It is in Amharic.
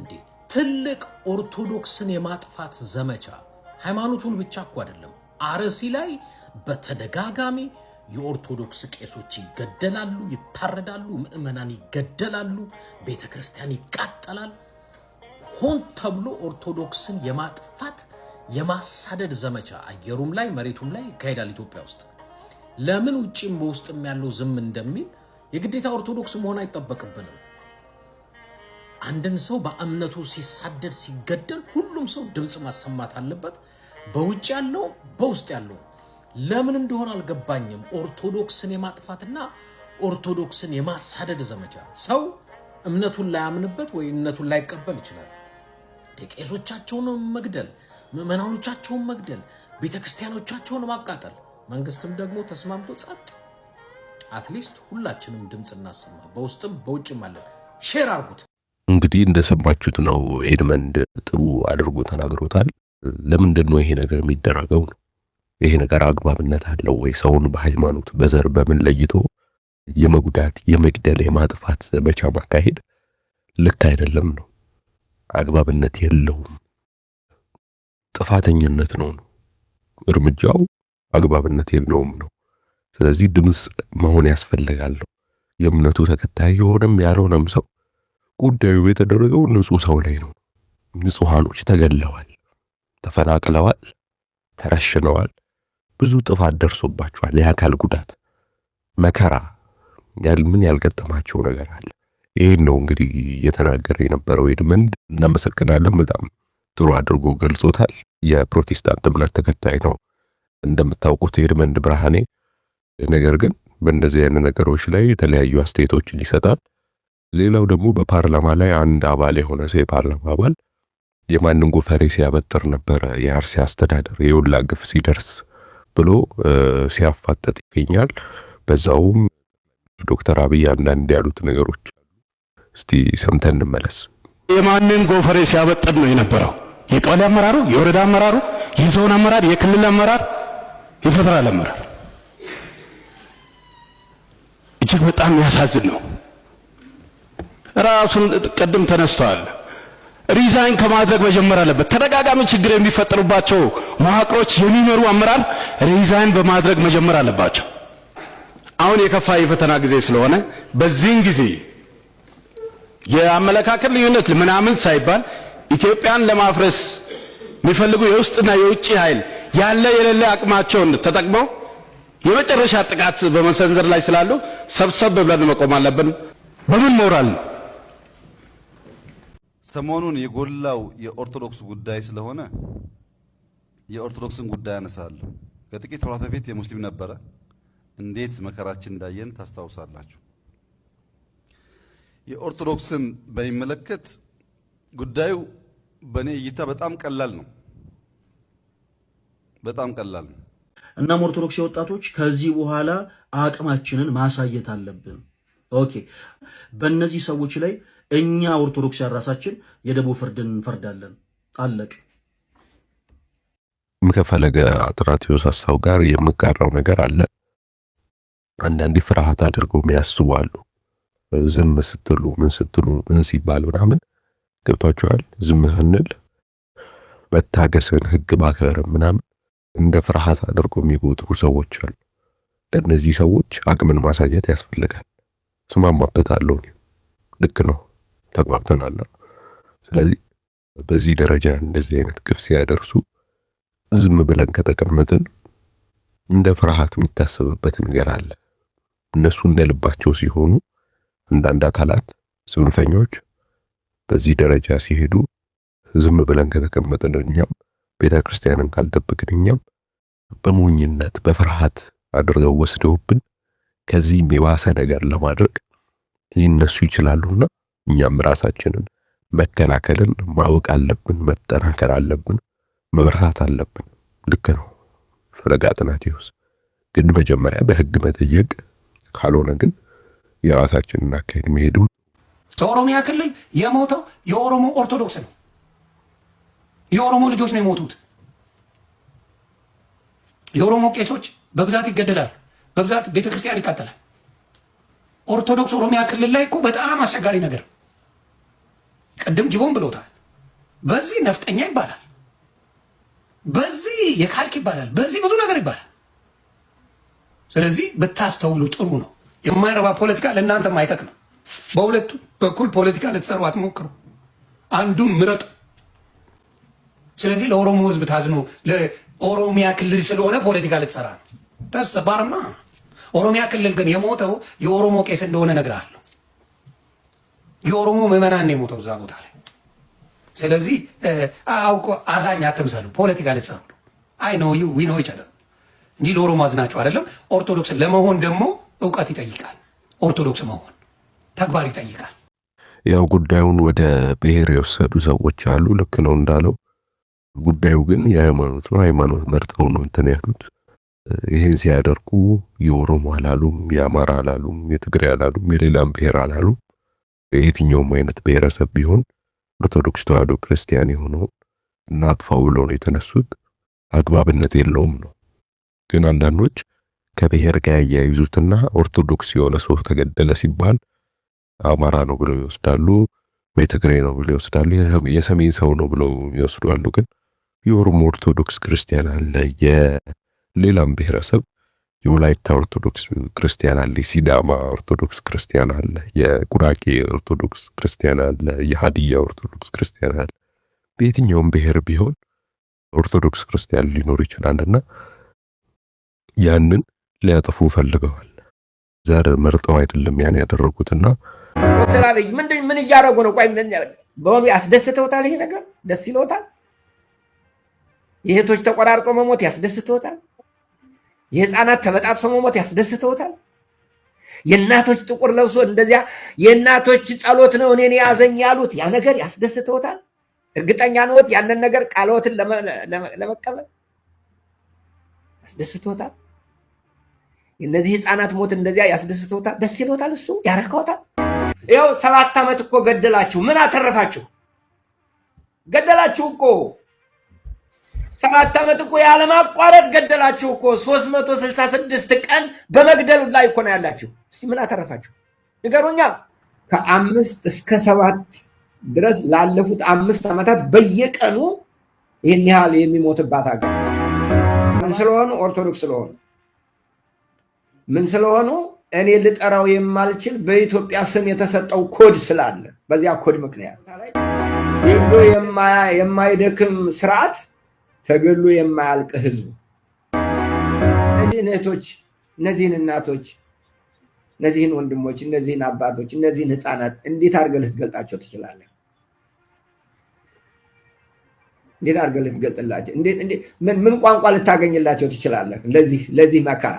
እንዴ ትልቅ ኦርቶዶክስን የማጥፋት ዘመቻ ሃይማኖቱን ብቻ እኮ አይደለም። አርሲ ላይ በተደጋጋሚ የኦርቶዶክስ ቄሶች ይገደላሉ፣ ይታረዳሉ፣ ምዕመናን ይገደላሉ፣ ቤተ ክርስቲያን ይቃጠላል። ሆን ተብሎ ኦርቶዶክስን የማጥፋት የማሳደድ ዘመቻ አየሩም ላይ መሬቱም ላይ ይካሄዳል ኢትዮጵያ ውስጥ። ለምን ውጭም በውስጥም ያለው ዝም እንደሚል የግዴታ ኦርቶዶክስ መሆን አይጠበቅብንም። አንድን ሰው በእምነቱ ሲሳደድ ሲገደል ሁሉም ሰው ድምፅ ማሰማት አለበት። በውጭ ያለው በውስጥ ያለው ለምን እንደሆነ አልገባኝም። ኦርቶዶክስን የማጥፋትና ኦርቶዶክስን የማሳደድ ዘመቻ። ሰው እምነቱን ላያምንበት ወይ እምነቱን ላይቀበል ይችላል። ቄሶቻቸውን መግደል፣ ምዕመናኖቻቸውን መግደል፣ ቤተክርስቲያኖቻቸውን ማቃጠል፣ መንግስትም ደግሞ ተስማምቶ ጸጥ። አትሊስት ሁላችንም ድምፅ እናሰማ። በውስጥም በውጭም አለን። ሼር አርጉት። እንግዲህ እንደሰማችሁት ነው። ኤድመንድ ጥሩ አድርጎ ተናግሮታል። ለምንድን ነው ይሄ ነገር የሚደረገው ነው? ይሄ ነገር አግባብነት አለው ወይ? ሰውን በሃይማኖት በዘር በምን ለይቶ የመጉዳት የመግደል የማጥፋት ዘመቻ ማካሄድ ልክ አይደለም ነው፣ አግባብነት የለውም፣ ጥፋተኝነት ነው ነው እርምጃው አግባብነት የለውም ነው። ስለዚህ ድምፅ መሆን ያስፈልጋል የእምነቱ ተከታይ የሆነም ያልሆነም ሰው ጉዳዩ የተደረገው ንጹህ ሰው ላይ ነው። ንጹሐኖች ተገለዋል ተፈናቅለዋል፣ ተረሽነዋል፣ ብዙ ጥፋት ደርሶባቸዋል። የአካል ጉዳት፣ መከራ ምን ያልገጠማቸው ነገር አለ? ይህን ነው እንግዲህ እየተናገረ የነበረው ኤድመንድ። እናመሰግናለን። በጣም ጥሩ አድርጎ ገልጾታል። የፕሮቴስታንት እምነት ተከታይ ነው እንደምታውቁት ኤድመንድ ብርሃኔ። ነገር ግን በእንደዚህ አይነት ነገሮች ላይ የተለያዩ አስተያየቶችን ይሰጣል። ሌላው ደግሞ በፓርላማ ላይ አንድ አባል የሆነ ሰው የፓርላማ አባል የማንን ጎፈሬ ሲያበጥር ነበረ የአርሲ አስተዳደር የወላ ግፍ ሲደርስ ብሎ ሲያፋጠጥ ይገኛል። በዛውም ዶክተር አብይ አንዳንድ ያሉት ነገሮች እስቲ ሰምተን እንመለስ። የማንን ጎፈሬ ሲያበጥር ነው የነበረው የቀበሌ አመራሩ፣ የወረዳ አመራሩ፣ የዞን አመራር፣ የክልል አመራር፣ የፌደራል አመራር እጅግ በጣም ያሳዝን ነው። ራሱን ቅድም ተነስተዋል። ሪዛይን ከማድረግ መጀመር አለበት። ተደጋጋሚ ችግር የሚፈጠሩባቸው መዋቅሮች የሚመሩ አመራር ሪዛይን በማድረግ መጀመር አለባቸው። አሁን የከፋ የፈተና ጊዜ ስለሆነ በዚህን ጊዜ የአመለካከት ልዩነት ምናምን ሳይባል ኢትዮጵያን ለማፍረስ የሚፈልጉ የውስጥና የውጭ ኃይል ያለ የሌለ አቅማቸውን ተጠቅመው የመጨረሻ ጥቃት በመሰንዘር ላይ ስላሉ ሰብሰብ ብለን መቆም አለብን። በምን ሞራል ነው? ሰሞኑን የጎላው የኦርቶዶክስ ጉዳይ ስለሆነ የኦርቶዶክስን ጉዳይ አነሳለሁ። ከጥቂት ወራት በፊት የሙስሊም ነበረ። እንዴት መከራችን እንዳየን ታስታውሳላችሁ። የኦርቶዶክስን በሚመለከት ጉዳዩ በእኔ እይታ በጣም ቀላል ነው። በጣም ቀላል ነው። እናም ኦርቶዶክስ ወጣቶች ከዚህ በኋላ አቅማችንን ማሳየት አለብን። ኦኬ፣ በእነዚህ ሰዎች ላይ እኛ ኦርቶዶክሳውያን ራሳችን የደቦ ፍርድን እንፈርዳለን። አለቅ ከፈለገ አጥራቴዎስ ሀሳብ ጋር የምጋራው ነገር አለ። አንዳንዴ ፍርሃት አድርገው የሚያስቡ አሉ። ዝም ስትሉ ምን ስትሉ ምን ሲባል ምናምን ገብቷቸዋል። ዝም ስንል መታገስን ህግ ማክበርን ምናምን እንደ ፍርሃት አድርገው የሚቆጥሩ ሰዎች አሉ። ለእነዚህ ሰዎች አቅምን ማሳየት ያስፈልጋል። ስማማበታለሁ። ልክ ነው። ተግባብተናል። ስለዚህ በዚህ ደረጃ እንደዚህ አይነት ግፍ ሲያደርሱ ዝም ብለን ከተቀመጥን እንደ ፍርሃት የሚታሰብበት ነገር አለ። እነሱ እንደ ልባቸው ሲሆኑ አንዳንድ አካላት ጽንፈኞች በዚህ ደረጃ ሲሄዱ ዝም ብለን ከተቀመጥን እኛም ቤተ ክርስቲያንን ካልጠበቅን እኛም በሞኝነት በፍርሃት አድርገው ወስደውብን ከዚህም የባሰ ነገር ለማድረግ ሊነሱ ይችላሉና እኛም ራሳችንን መከላከልን ማወቅ አለብን። መጠናከር አለብን። መብርታት አለብን። ልክ ነው ፍለጋ አትናቴዎስ። ግን መጀመሪያ በህግ መጠየቅ ካልሆነ ግን የራሳችንን አካሄድ መሄድም ከኦሮሚያ ክልል የሞተው የኦሮሞ ኦርቶዶክስ ነው። የኦሮሞ ልጆች ነው የሞቱት። የኦሮሞ ቄሶች በብዛት ይገደላል። በብዛት ቤተክርስቲያን ይቃጠላል። ኦርቶዶክስ ኦሮሚያ ክልል ላይ እኮ በጣም አስቸጋሪ ነገር ቅድም ጅቦን ብሎታል። በዚህ ነፍጠኛ ይባላል፣ በዚህ የካልክ ይባላል፣ በዚህ ብዙ ነገር ይባላል። ስለዚህ ብታስተውሉ ጥሩ ነው። የማይረባ ፖለቲካ ለእናንተም ነው። በሁለቱ በኩል ፖለቲካ ልትሰሩ አትሞክሩ፣ አንዱን ምረጡ። ስለዚህ ለኦሮሞ ህዝብ ታዝኖ ለኦሮሚያ ክልል ስለሆነ ፖለቲካ ልትሰራ ነው። ደስ ባርማ ኦሮሚያ ክልል ግን የሞተው የኦሮሞ ቄስ እንደሆነ እነግርሃለሁ። የኦሮሞ ምዕመናን ነው የሞተው እዛ ቦታ ላይ። ስለዚህ አውቆ አዛኝ አትምሰሉ። ፖለቲካ ልትሰሩ ነው። አይ ነው ዩ ዊ ነው ይቻላል እንጂ ለኦሮሞ አዝናችሁ አይደለም። ኦርቶዶክስ ለመሆን ደግሞ እውቀት ይጠይቃል። ኦርቶዶክስ መሆን ተግባር ይጠይቃል። ያው ጉዳዩን ወደ ብሔር የወሰዱ ሰዎች አሉ። ልክ ነው እንዳለው። ጉዳዩ ግን የሃይማኖት ነው። ሃይማኖት መርጠው ነው እንትን ያሉት። ይህን ሲያደርጉ የኦሮሞ አላሉም፣ የአማራ አላሉም፣ የትግሬ አላሉም፣ የሌላም ብሔር አላሉም። የየትኛውም አይነት ብሔረሰብ ቢሆን ኦርቶዶክስ ተዋህዶ ክርስቲያን የሆነውን እናጥፋው ብለው ነው የተነሱት። አግባብነት የለውም ነው። ግን አንዳንዶች ከብሔር ጋር ያያይዙትና ኦርቶዶክስ የሆነ ሰው ተገደለ ሲባል አማራ ነው ብለው ይወስዳሉ፣ ወይ ትግሬ ነው ብለው ይወስዳሉ፣ የሰሜን ሰው ነው ብለው ይወስዳሉ። ግን የኦሮሞ ኦርቶዶክስ ክርስቲያን አለ፣ የሌላም ብሔረሰብ የወላይታ ኦርቶዶክስ ክርስቲያን አለ፣ የሲዳማ ኦርቶዶክስ ክርስቲያን አለ፣ የጉራጌ ኦርቶዶክስ ክርስቲያን አለ፣ የሀዲያ ኦርቶዶክስ ክርስቲያን አለ። በየትኛውም ብሔር ቢሆን ኦርቶዶክስ ክርስቲያን ሊኖር ይችላልና ያንን ሊያጠፉ ፈልገዋል። ዘር መርጠው አይደለም ያን ያደረጉትና ዶክተር አብይ ምን እያደረጉ ነው? ቆይ በሆኑ ያስደስተውታል። ይሄ ነገር ደስ ይለውታል። የእህቶች ተቆራርጦ መሞት ያስደስተውታል። የህፃናት ተበጣጥሶ መሞት ያስደስተውታል። የእናቶች ጥቁር ለብሶ እንደዚያ የእናቶች ጸሎት ነው እኔን ያዘኝ ያሉት ያ ነገር ያስደስተውታል። እርግጠኛ ነዎት? ያንን ነገር ቃልዎትን ለመቀበል ያስደስተውታል። የእነዚህ ህፃናት ሞት እንደዚያ ያስደስተውታል። ደስ ይለውታል። እሱ ያረካውታል። ያው ሰባት ዓመት እኮ ገደላችሁ፣ ምን አተረፋችሁ? ገደላችሁ እኮ ሰባት ዓመት እኮ ያለማቋረጥ ገደላችሁ እኮ ሶስት መቶ ስልሳ ስድስት ቀን በመግደሉ ላይ እኮ ነው ያላችሁ። እስቲ ምን አተረፋችሁ ንገሩኛ። ከአምስት እስከ ሰባት ድረስ ላለፉት አምስት ዓመታት በየቀኑ ይህን ያህል የሚሞትባት ሀገር ምን ስለሆኑ ኦርቶዶክስ ስለሆኑ ምን ስለሆኑ እኔ ልጠራው የማልችል በኢትዮጵያ ስም የተሰጠው ኮድ ስላለ በዚያ ኮድ ምክንያት የማይደክም ስርዓት ተገሎ የማያልቅ ህዝብ። እነዚህን እህቶች፣ እነዚህን እናቶች፣ እነዚህን ወንድሞች፣ እነዚህን አባቶች፣ እነዚህን ህፃናት እንዴት አድርገህ ልትገልጣቸው ትችላለህ? እንዴት አድርገህ ልትገልጽላቸው? ምን ቋንቋ ልታገኝላቸው ትችላለህ? ለዚህ ለዚህ መከራ